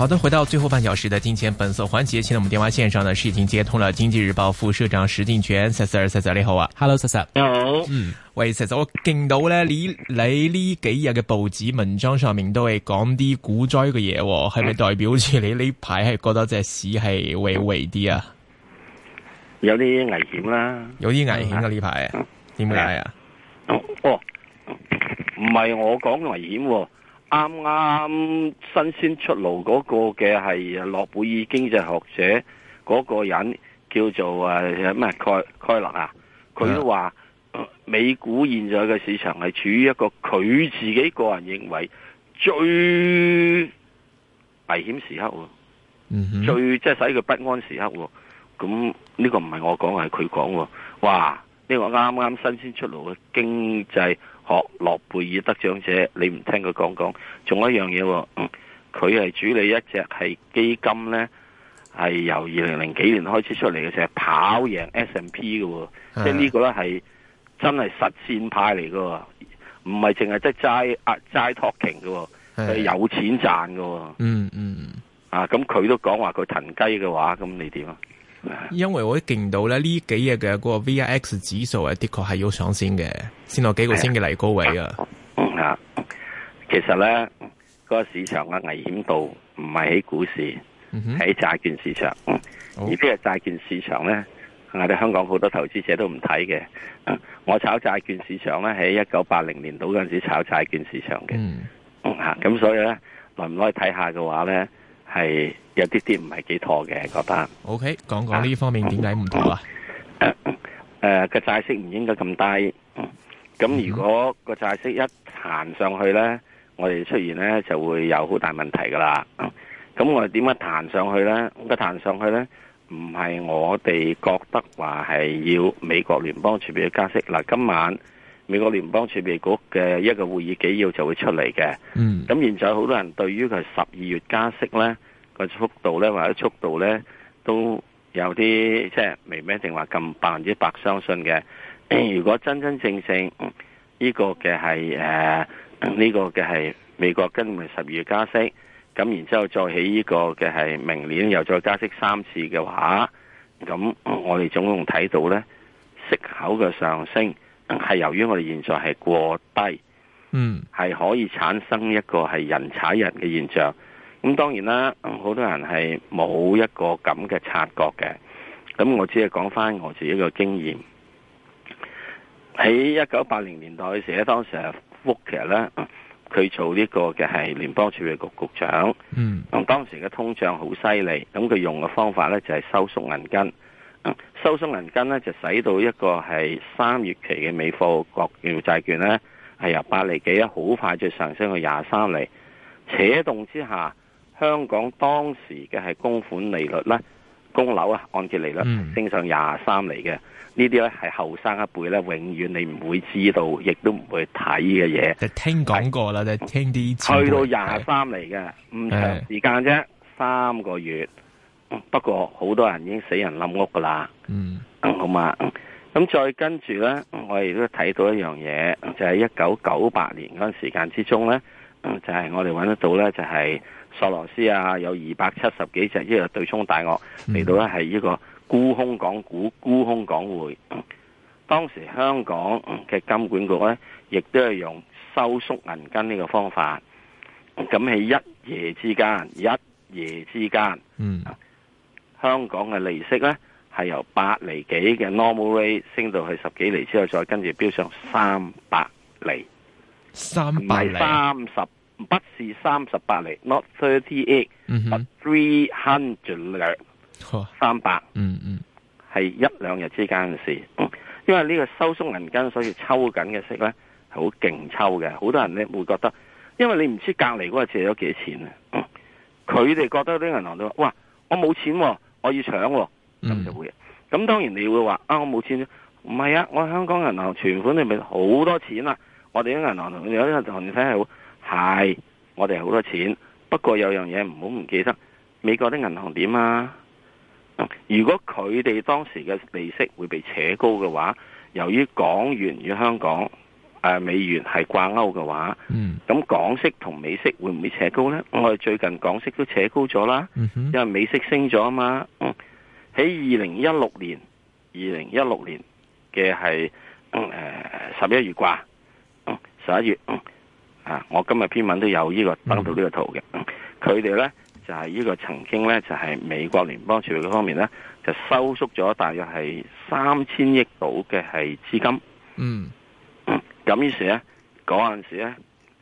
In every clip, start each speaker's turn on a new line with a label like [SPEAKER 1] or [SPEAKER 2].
[SPEAKER 1] 好的，回到最後半小時的金錢本色環節。現在我們電話線上呢，是已經接通了《經濟日報》副社長石鏡泉 Sir，Sir，你好啊，Hello，Sir 嗯，Hello. 喂 Sir 我見到呢你你呢幾日嘅報紙文章上面都係講啲股災嘅嘢，係咪代表住你呢排係覺得隻市係危危啲啊？
[SPEAKER 2] 有啲危險啦，有啲危險啊！呢排
[SPEAKER 1] 點解啊？哦哦，
[SPEAKER 2] 唔係我講危險。啱啱新鮮出爐嗰個嘅係諾貝爾經濟學者嗰個人叫做誒咩蓋蓋勒啊，佢都話、yeah. 美股現在嘅市場係處於一個佢自己個人認為最危險時刻，mm -hmm. 最即係、就是、使佢不安時刻。咁呢個唔係我講，係佢講。哇，呢、這個啱啱新鮮出爐嘅經濟。學諾貝爾得獎者，你唔聽佢講講。仲有一樣嘢，佢、嗯、係主理一隻係基金呢，係由二零零幾年開始出嚟嘅，成跑贏 S&P 嘅，即係呢個呢係真係實戰派嚟噶，唔係淨係即係齋啊齋 talking 嘅，只隻的的有錢賺噶，嗯嗯，啊咁佢都講話佢騰雞嘅話，咁你點啊？嗯嗯嗯
[SPEAKER 1] 因為我見到咧呢幾日嘅嗰個 VIX 指數係的確係要上升嘅，先落幾個先嘅嚟高位啊。
[SPEAKER 2] 其實咧、個市場嘅危險度唔係喺股市，喺、嗯、債券市場。嗯嗯、而呢個債券市場咧，我哋香港好多投資者都唔睇嘅。我炒債券，券市場咧，喺一九八零年度嗰陣時炒債券，券市場嘅。咁、嗯啊、所以咧，耐唔耐睇下嘅話咧？係有啲啲唔係幾妥嘅，覺得。
[SPEAKER 1] O、okay, K，講講呢方面點解唔妥啊？誒、啊，個、
[SPEAKER 2] 呃呃、債息唔應該咁低。咁、嗯、如果個債息一彈上去呢，我哋出現呢就會有好大問題噶啦。咁、嗯、我哋點樣彈上去呢？咁一彈上去呢，唔係我哋覺得話係要美國聯邦儲備嘅加息。嗱，今晚。美國聯邦儲備局嘅一個會議紀要就會出嚟嘅。咁現在好多人對於佢十二月加息咧個速度咧或者速度咧都有啲即係未必一定話咁百分之百相信嘅、嗯。如果真真正正呢、這個嘅係誒呢個嘅係美國跟住十二月加息，咁然之後再起呢個嘅係明年又再加息三次嘅話，咁我哋總共睇到咧息口嘅上升。係由於我哋現在係過低，嗯，係可以產生一個係人踩人嘅現象。咁當然啦，好多人係冇一個咁嘅察覺嘅。咁我只係講翻我自己一個經驗。喺一九八零年代嘅時咧，當時啊，沃奇咧，佢做呢個嘅係聯邦儲備局局長。嗯，當時嘅通脹好犀利，咁佢用嘅方法呢，就係收縮銀根。收縮銀根咧，就使到一個係三月期嘅美貨國票債券咧，係由八厘幾啊，好快就上升去廿三厘，扯動之下，香港當時嘅係供款利率咧，供樓啊，按揭利率升上廿三厘嘅，呢啲咧係後生一輩咧，永遠你唔會知道，亦都唔會睇嘅嘢。
[SPEAKER 1] 聽講過啦，聽啲去到
[SPEAKER 2] 廿三厘嘅，唔長時間啫，三個月。不過好多人已經死人冧屋噶啦、嗯嗯，好嘛？咁再跟住呢，我哋都睇到一樣嘢，就係一九九八年嗰陣時間之中呢，就係、是、我哋揾得到呢，就係、是、索羅斯啊，有二百七十幾隻呢個對沖大鱷嚟到呢係呢、嗯、個沽空港股、沽空港匯。嗯、當時香港嘅金管局呢，亦都係用收縮銀根呢個方法，咁喺一夜之間，一夜之間。嗯香港嘅利息咧，係由八厘幾嘅 normal rate 升到去十幾厘之後，再跟住飆上三百厘，
[SPEAKER 1] 三百三
[SPEAKER 2] 十，不是三十八厘，not thirty eight，係 three hundred 三百，嗯嗯，係一兩日之間嘅事。因為呢個收縮銀根，所以抽緊嘅息咧，係好勁抽嘅。好多人咧會覺得，因為你唔知隔籬嗰個借咗幾錢啊，佢、嗯、哋覺得啲銀行都話，哇，我冇錢、啊。我要搶喎、啊，咁就會、啊。咁當然你會話啊，我冇錢。唔係啊，我香港銀行存款裏面好多錢啦、啊。我哋啲銀行同有啲銀行體系會，係我哋係好多錢。不過有樣嘢唔好唔記得，美國啲銀行點啊？如果佢哋當時嘅利息會被扯高嘅話，由於港元與香港。誒、呃，美元係掛鈎嘅話，咁、嗯、港息同美息會唔會扯高呢？我哋最近港息都扯高咗啦、嗯，因為美息升咗啊嘛。喺二零一六年，二零一六年嘅係誒十一月啩，十、嗯、一月、嗯、啊，我今日篇文都有呢、這個登到呢個圖嘅。佢、嗯、哋、嗯、呢就係、是、呢個曾經呢，就係、是、美國聯邦儲備方面呢，就收縮咗大約係三千億度嘅係資金。嗯咁於是咧，嗰陣時咧，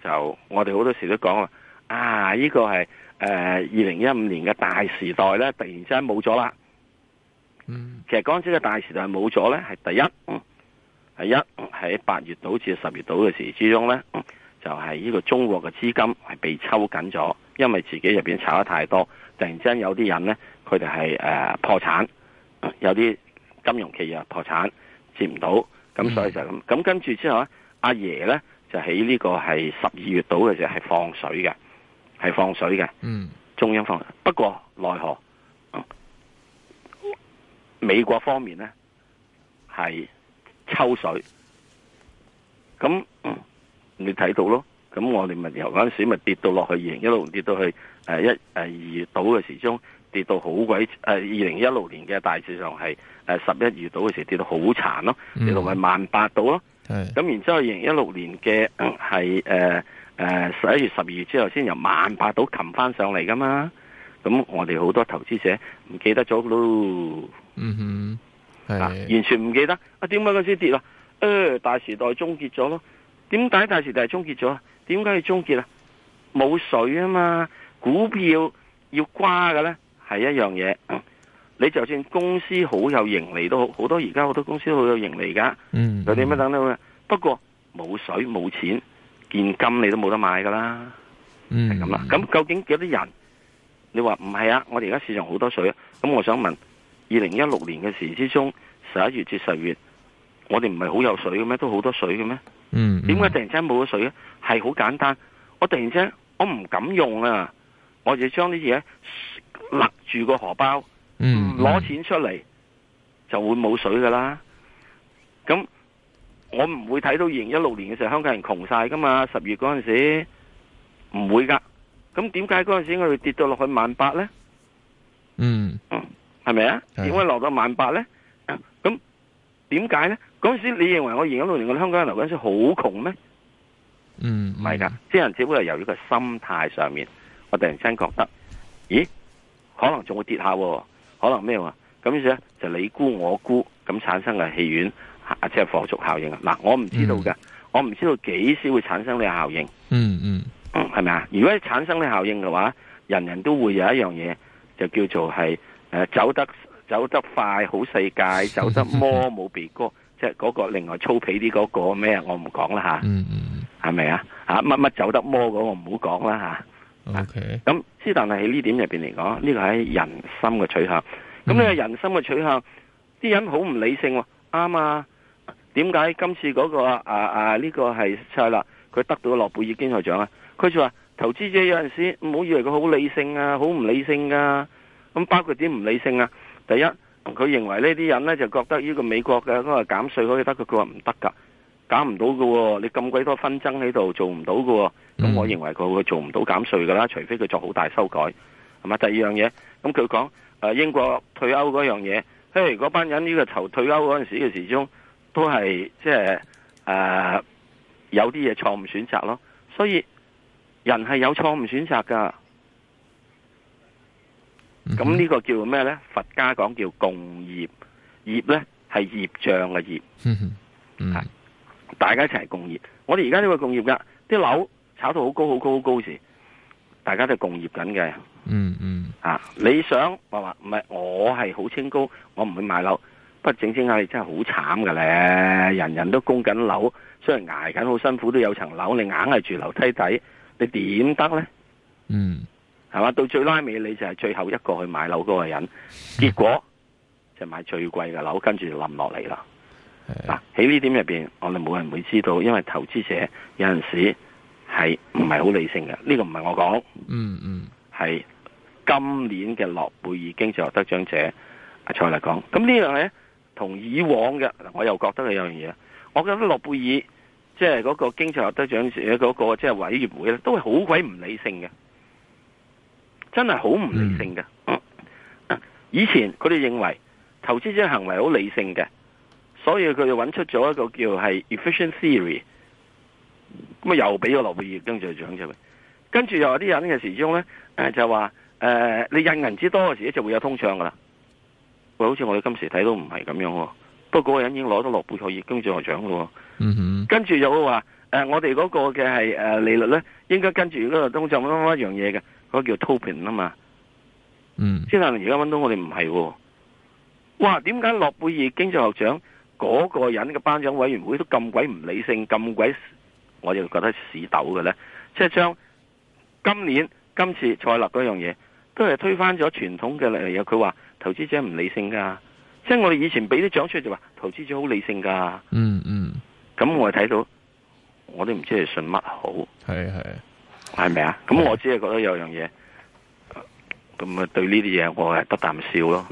[SPEAKER 2] 就我哋好多時都講啦，啊，呢個係誒二零一五年嘅大時代咧，突然之間冇咗啦。嗯。其實嗰陣時嘅大時代冇咗咧，係第一，係一喺八月到至十月到嘅時之中咧、嗯，就係、是、呢個中國嘅資金係被抽緊咗，因為自己入邊炒得太多，突然之間有啲人咧，佢哋係誒破產，有啲金融企業破產，接唔到，咁所以就咁，咁、嗯、跟住之後咧。阿爺咧就喺呢個係十二月度嘅時候係放水嘅，係放水嘅。嗯，中央放水，不過奈何，嗯，美國方面咧係抽水。咁，嗯，你睇到咯。咁我哋咪由嗰陣時咪跌到落去二零一六年跌到去誒一誒二月度嘅時候，跌到好鬼誒二零一六年嘅大致上係誒十一月度嘅時候跌到好殘咯，跌到咪萬八度咯。嗯嗯咁然之後2016，二零一六年嘅係誒誒十一月，十二月之後，先由萬八度擒翻上嚟噶嘛。咁我哋好多投資者唔記得咗噶咯。嗯哼，係、啊，完全唔記得。啊，點解佢先跌啦？誒，呃，大時代終結咗咯。點解大時代終結咗啊？點解要終結啊？冇水啊嘛，股票，要瓜嘅咧，係一樣嘢。嗯你就算公司好有盈利都好，好多而家好多公司都好有盈利噶，嗯嗯、有點咩等等嘅？不過冇水冇錢，現金你都冇得買噶啦，
[SPEAKER 3] 係
[SPEAKER 2] 咁啦。咁究竟幾多人，你話唔係啊？我哋而家市場好多水啊！咁我想問，二零一六年嘅時之中，十一月至十月，我哋唔係好有水嘅咩？都好多水嘅咩？點、嗯、解、嗯、突然間冇咗水嘅？係好簡單，我突然間我唔敢用啊，我就將啲嘢，勒住個荷包。嗯，攞、嗯、錢出嚟就會冇水噶啦。咁我唔會睇到二零一六年嘅時候香港人窮晒噶嘛？十月嗰陣時唔會噶。咁點解嗰陣時我哋跌到落去萬八咧？
[SPEAKER 3] 嗯，
[SPEAKER 2] 係咪啊？點解落到萬八咧？咁點解咧？嗰陣時你認為我二零一六年嘅香港人留嗰陣時好窮咩？嗯，唔係噶，啲、嗯、人只不過係由於個心態上面，我突然間覺得，咦，可能仲會跌下。可能咩話咁樣咧，就你估我估咁產生嘅戲院，即係防逐效應啊。嗱我唔知道㗎、嗯，我唔知道幾時會產生呢個效應，嗯、嗯、嗯，係咪啊？如果產生呢效應嘅話，人人都會有一樣嘢，就叫做係誒、啊、走得走得快好世界，走得魔冇鼻哥，即係嗰個另外粗鄙啲嗰個咩啊，我唔講啦吓。嗯、嗯，係咪啊，乜乜、啊、走得魔嗰個唔好講啦吓。咁、okay. 之但係喺呢點入邊嚟講，呢個係人心嘅取向。咁呢個人心嘅取向，啲、嗯、人好唔理性喎，啱、哦那個、啊？點解今次嗰個啊啊呢個係係啦，佢得到諾貝爾經濟學獎啊？佢就話投資者有陣時唔好以為佢好理性啊，好唔理性噶、啊。咁包括啲唔理性啊。第一，佢認為呢啲人咧就覺得呢個美國嘅個減稅可以得，佢佢話唔得噶。減唔到嘅，你咁鬼多紛爭喺度，做唔到嘅。咁我認為佢會做唔到減稅嘅啦，除非佢作好大修改。係咪？第二樣嘢，咁佢講誒，英國退歐嗰樣嘢，譬如，嗰班人呢個投退歐嗰陣時嘅時鐘，始終都係即係誒，有啲嘢錯誤選擇咯。所以人係有錯誤選擇噶。咁、嗯、呢個叫咩咧？佛家講叫共業業咧，係業障嘅業。嗯，係、嗯。大家一齊共業，我哋而家都係共業噶，啲樓炒到好高好高好高時，大家都係共業緊嘅。嗯嗯，啊，你想話話唔係我係好清高，我唔會買樓。不過，整清下你真係好慘嘅咧，人人都供緊樓，雖然挨緊好辛苦，都有層樓，你硬係住樓梯底，你點得咧？嗯，係嘛，到最拉尾你就係最後一個去買樓嗰個人，結果就買最貴嘅樓，跟住就冧落嚟啦。嗱喺呢點入邊，我哋冇人會知道，因為投資者有陣時係唔係好理性嘅。呢、呢個唔係我講，嗯
[SPEAKER 3] 嗯，
[SPEAKER 2] 係今年嘅諾貝爾經濟學得獎者阿蔡嚟講，咁呢樣咧同以往嘅，我又覺得係有樣嘢，我覺得諾貝爾即係嗰個經濟學得獎者嗰、嗰個即係、即係、委員會咧，都係好鬼唔理性嘅，真係好唔理性嘅、嗯嗯。以前佢哋認為投資者行為好理性嘅。所以佢就揾出咗一個叫係 Efficient Theory，咁啊又俾咗諾貝爾經濟學獎出嚟，跟住又有啲人嘅時中咧誒就話誒、呃、你印銀紙多嘅時候就會有通脹噶啦，喂好似我哋今時睇到唔係咁樣喎，不過嗰個人已經攞到諾貝爾經濟學獎噶、嗯，跟住又會話誒、呃、我哋嗰個嘅係誒利率咧應該跟住嗰個通、嗯、脹就乜乜一樣嘢嘅，嗰、那個、叫 topping 啊嘛，嗯，先能而家揾到我哋唔係，哇點解諾貝爾經濟學獎？嗰、那個人嘅頒獎委員會都咁鬼唔理性，咁鬼，我就覺得屎豆嘅咧。即係將今年今次採立嗰樣嘢，都係推翻咗傳統嘅嘢。佢話投資者唔理性㗎，即係我哋以前俾啲獎出就話投資者好理性㗎。嗯嗯，咁我哋睇到，我都唔知係信乜好。係係，係咪啊？咁我只係覺得有樣嘢。咁啊，對呢啲嘢，我係得啖笑咯。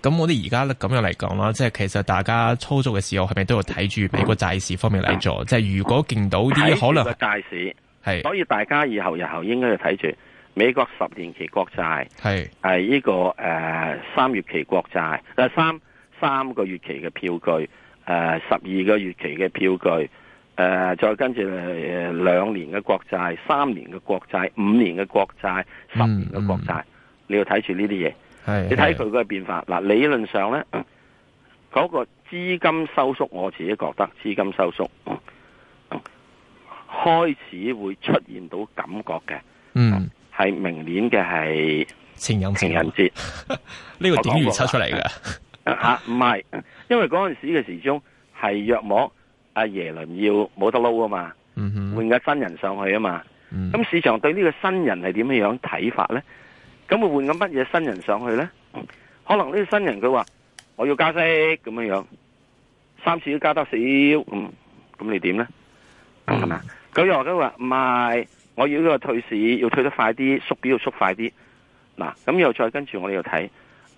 [SPEAKER 1] 咁我哋而家咁樣嚟講啦，即係其實大家操作嘅時候，係咪都要睇住美國債市方面嚟做？即係如果見到啲可能嘅債
[SPEAKER 2] 市係，所以大家以後日後應該要睇住美國十年期國債，係係呢個誒三月期國債，誒三三個月期嘅票據，誒、啊、十二個月期嘅票據，誒、啊、再跟住誒兩年嘅國債、三年嘅國債、五年嘅國債、十年嘅國債。嗯嗯你要睇住呢啲嘢，
[SPEAKER 3] 係係你睇佢個
[SPEAKER 2] 個變化。嗱，理論上咧，嗰、嗰個資金收縮，我自己覺得資金收縮、嗯、開始會出現到感覺嘅。嗯，係明年嘅係情人情人節，呢個點預測出嚟嘅？啊，唔 係， 因為嗰陣時嘅時鐘係約莫阿耶倫要冇得撈啊嘛、嗯，換個新人上去啊嘛。咁、嗯、市場對呢個新人係點樣睇法咧？咁會換緊乜嘢新人上去咧，嗯？可能呢啲新人佢話我要加息咁樣樣，三次都加得少咁，咁你點咧？係、嗯、嘛？佢又話，佢話唔係，我要呢個退市要退得快啲，縮表要縮快啲。嗱、啊，咁又再跟住我哋又睇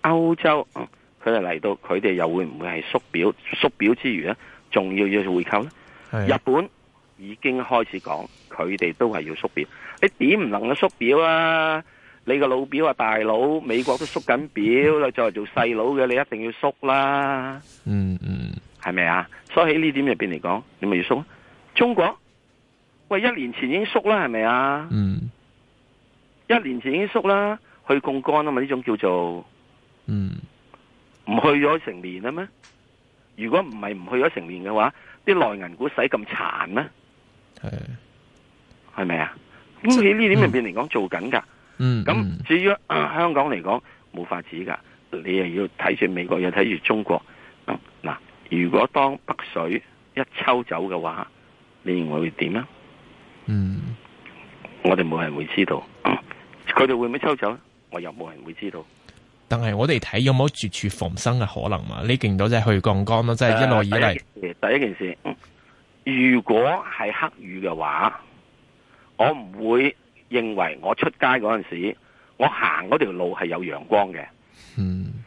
[SPEAKER 2] 歐洲，佢哋嚟到，佢哋又會唔會係縮表？縮表之餘咧，仲要要回購咧？日本已經開始講，佢哋都係要縮表，你點唔能夠縮表啊？你個老表啊，大佬，美國都縮緊表啦，嗯、作為做細佬嘅你一定要縮啦，嗯嗯，係咪啊？所以喺呢點入邊嚟講，你咪要縮啊？中國喂，一年前已經縮啦，係咪啊？嗯，一年前已經縮啦，去槓杆啊嘛，呢種叫做，嗯，唔去咗成年啊咩？如果唔係唔去咗成年嘅話，啲內銀股使咁殘咩？係係咪啊？咁喺呢點入邊嚟講做緊噶？嗯，咁、嗯、至於香港嚟講冇法子噶，你又要睇住美國，又睇住中國。嗱、嗯，如果當北水一抽走嘅話，
[SPEAKER 1] 你認為會點啊？嗯，我哋冇人會知道。
[SPEAKER 2] 佢、嗯、哋會唔會抽走？我又冇人會知道。
[SPEAKER 1] 但係我哋睇有冇絕處逢生嘅可能嘛、啊。你件到真係去槓桿咯，真、就、係、是、一路以來以嚟、
[SPEAKER 2] 啊。第一件事，件事嗯、如果係黑雨嘅話，啊、我唔會，認為我出街嗰陣時，我行嗰條路係有陽光嘅。嗯，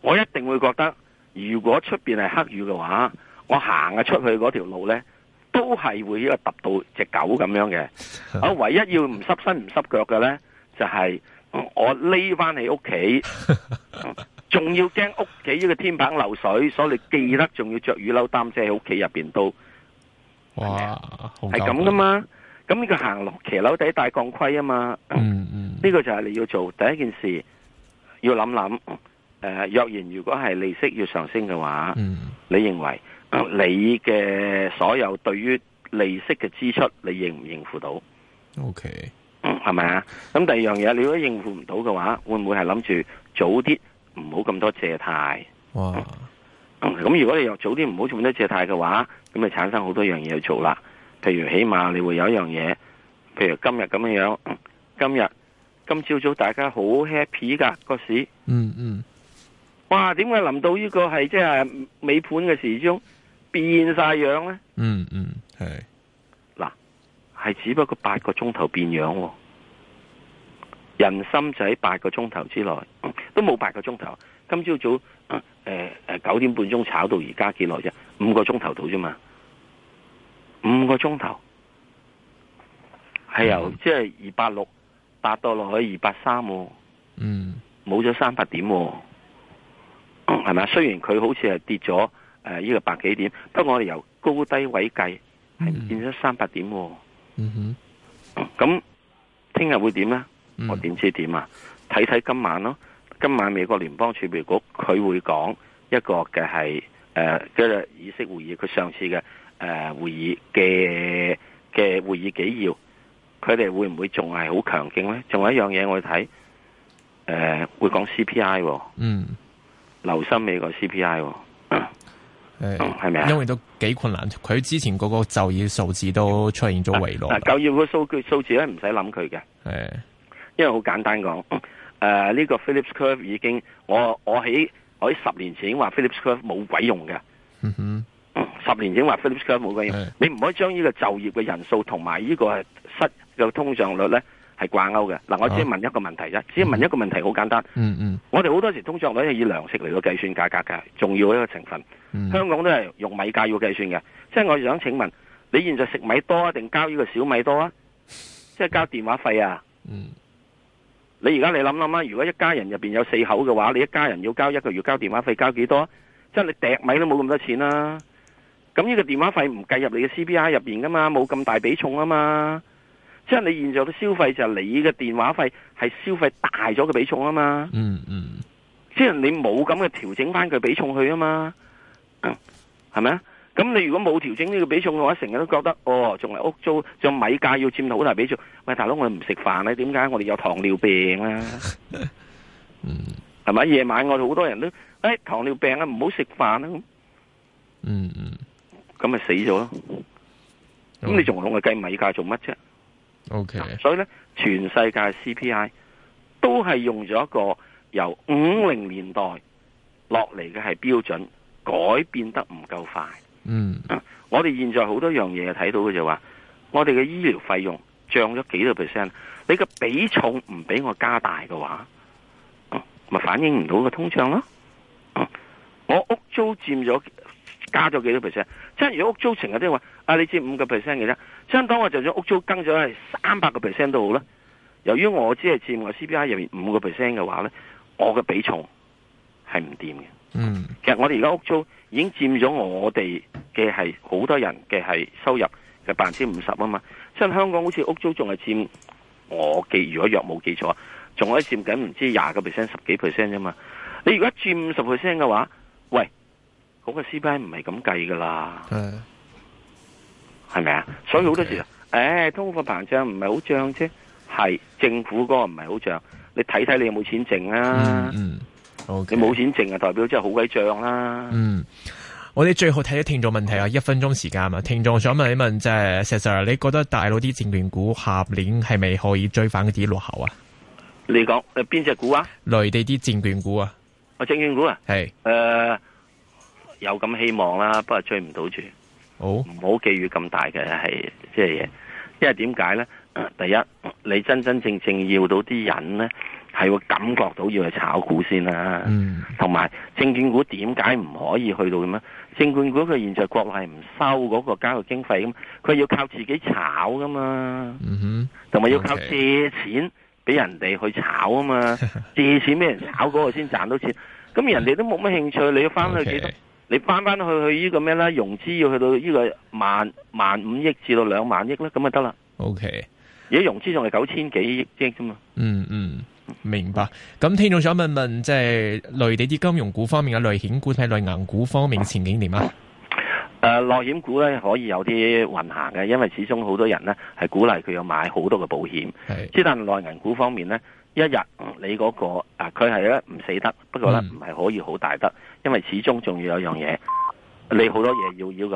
[SPEAKER 2] 我一定會覺得，如果出邊係黑雨嘅話，我行啊出去嗰條路呢，都係會一個揼到隻狗咁樣嘅。我唯一要唔濕身唔濕腳嘅呢，就係、是、我匿翻喺屋企，仲 要驚屋企呢個天棚漏水，所以你記得仲要着雨褸擔遮喺屋企入邊都。哇，
[SPEAKER 3] 係、嗯、咁㗎
[SPEAKER 2] 嘛？咁呢個行落騎樓底戴鋼盔啊嘛，呢、嗯嗯呢個就係你要做第一件事，要諗諗。誒、呃，若然如果係利息要上升嘅話、嗯，你認為、呃、你嘅所有對於利息嘅支出，你應唔應付到？O K，係咪啊？咁、okay，嗯、第二樣嘢，你如果應付唔到嘅話，會唔會係諗住早啲唔好咁多借貸？哇！咁、嗯嗯嗯、如果你又早啲唔好咁多借貸嘅話，咁啊產生好多樣嘢去做啦。譬如起碼你會有一樣嘢，譬如今日咁樣樣，今日今朝早，早大家好 happy 噶個市，嗯嗯，哇，點解臨到呢個係即係尾盤嘅時鐘變晒樣咧？嗯嗯，係嗱，係只不過八個鐘頭變樣，人心就喺八個鐘頭之內，都冇八個鐘頭。今朝早誒誒九點半鐘炒到而家幾耐啫？五個鐘頭到啫嘛。五個鐘頭係由、mm -hmm. 即係二百六達到落去二百三、哦，嗯，冇咗三百點、哦，係咪？雖雖然佢好似係跌咗誒呢個百幾點，不過我哋由高低位計係變咗三百點、哦，喎、mm -hmm. 嗯。哼。咁聽日會點咧？我點知點啊？睇、mm、睇 -hmm. 今晚咯、哦。今晚美國聯邦儲備局佢會講一個嘅係誒嘅議息會議，佢上次嘅。誒、呃，會議嘅嘅會議紀要，佢哋會唔會仲係好強勁咧？仲有一樣嘢，我睇，誒、呃，會講 CPI，嗯，留心美國
[SPEAKER 1] CPI，誒、啊，係咪啊？因為都幾困難，佢之前嗰個就業數字都出現咗回落。嗱，
[SPEAKER 2] 就業個數據數字咧，唔使諗佢嘅，係，因為好簡單講，誒、呃，呢、這個 Phillips Curve 已經，我我喺我喺十年前已經話 Phillips Curve 冇鬼用嘅，嗯哼。十年已經話菲利普斯曲冇緊嘢。你唔可以將呢個就業嘅人數同埋呢個失嘅、呢個、通脹率咧係掛勾嘅。嗱、啊，我只係問一個問題啫，只係、嗯、問一個問題好簡單。嗯嗯，我哋好多時通脹率係以糧食嚟到計算價格㗎，重要一個成分。嗯、香港都係用米價要計算嘅。即係我想請問，你現在食米多定交呢個小米多啊？即係交電話費啊？嗯，你而家你諗諗啦，如果一家人入面有四口嘅話，你一家人要交一個月交電話費交幾多？即係你訂米都冇咁多錢啦、啊。咁呢個電話費唔計入你嘅 CPI 入邊噶嘛，冇咁大比重啊嘛。即係你現在嘅消費就係你嘅電話費係消費大咗嘅比重啊嘛。嗯嗯，即係你冇咁嘅調整翻佢比重去啊嘛。嗯，係咪啊？咁你如果冇調整呢個比重嘅話，成日都覺得哦，仲係屋租仲米價要佔到好大比重。喂，大佬我哋唔食飯咧，點解我哋有糖尿病啊？嗯、 mm -hmm.，係咪夜晚我哋好多人都誒糖尿病啊，唔好食飯啊嗯嗯。Mm -hmm. 咁咪死咗咯！咁你仲同我計米價做乜啫？O K，所以咧，全世界 C P I 都係用咗一個由五零年代落嚟嘅係標準，改變得唔夠快。嗯、
[SPEAKER 3] mm. 啊，
[SPEAKER 2] 我哋現在好多樣嘢睇到嘅就話，我哋嘅醫療費用漲咗幾多 percent，你個比重唔俾我加大嘅話，咪、啊、反映唔到個通脹咯、啊。我屋租佔咗加咗幾多 percent？真係如果屋租成日都話，啊你佔五個 percent 嘅啫，相當我就算屋租增咗係三百個 percent 都好啦。由於我只係佔我 CPI 入面五個 percent 嘅話咧，我嘅比重係唔掂嘅。嗯，其實我哋而家屋租已經佔咗我哋嘅係好多人嘅係收入嘅百分之五十啊嘛。即係香港好似屋租仲係佔我記如果若冇記錯，仲可以佔緊唔知廿個 percent、十幾 percent 啫嘛。你如果佔五十 percent 嘅話，喂。好、那個 CPI 唔係咁計噶啦，係咪啊？所以好多時誒，通、okay. 貨、哎、膨脹唔係好漲啫，係政府嗰個唔係好漲。你睇睇你有冇錢剩啊？嗯，嗯 okay. 你冇錢剩啊，代表真係好鬼漲啦。
[SPEAKER 1] 嗯，我哋最後睇啲聽眾問題啊，一分鐘時間啊嘛。聽眾想問一問，即、就、係、是、Sir Sir 你覺得大陸啲證券股下年係咪可以追翻嗰啲落後啊？
[SPEAKER 2] 你講
[SPEAKER 1] 誒，邊隻股啊？內地啲證券股啊，
[SPEAKER 2] 啊，證券股啊，係誒。呃有咁希望啦，不過追唔到住。好，唔好寄予咁大嘅，係即係，因為點解呢、呃？第一，你真真正正要到啲人呢，係會感覺到要去炒股先啦、啊。同、mm. 埋，證券股點解唔可以去到嘅咩？證券股佢現在國內唔收嗰個交易經費嘅嘛，佢要靠自己炒噶嘛。同、mm、埋 -hmm. okay. 要靠借錢俾人哋去炒啊嘛， 借錢俾人炒嗰個先賺到錢。咁、mm. 人哋都冇乜興趣，你要翻去幾多？Okay. 你翻翻去去呢個咩咧？融資要去到呢個萬萬五億至到兩萬億咧，咁咪得啦。
[SPEAKER 1] OK，而
[SPEAKER 2] 家融資仲係九千幾億啫嘛。嗯嗯，
[SPEAKER 1] 明白。咁聽眾想問問，即係內地啲金融股方面嘅內險股同埋內銀股方面前景點啊？
[SPEAKER 2] 誒、呃，內險股咧可以有啲運行嘅，因為始終好多人咧係鼓勵佢要買好多嘅保險。係，即但內銀股方面咧。一日你、嗰個啊，佢係咧唔死得，不過咧唔係可以好大得，因為始終仲要有樣嘢，你好多嘢要要個。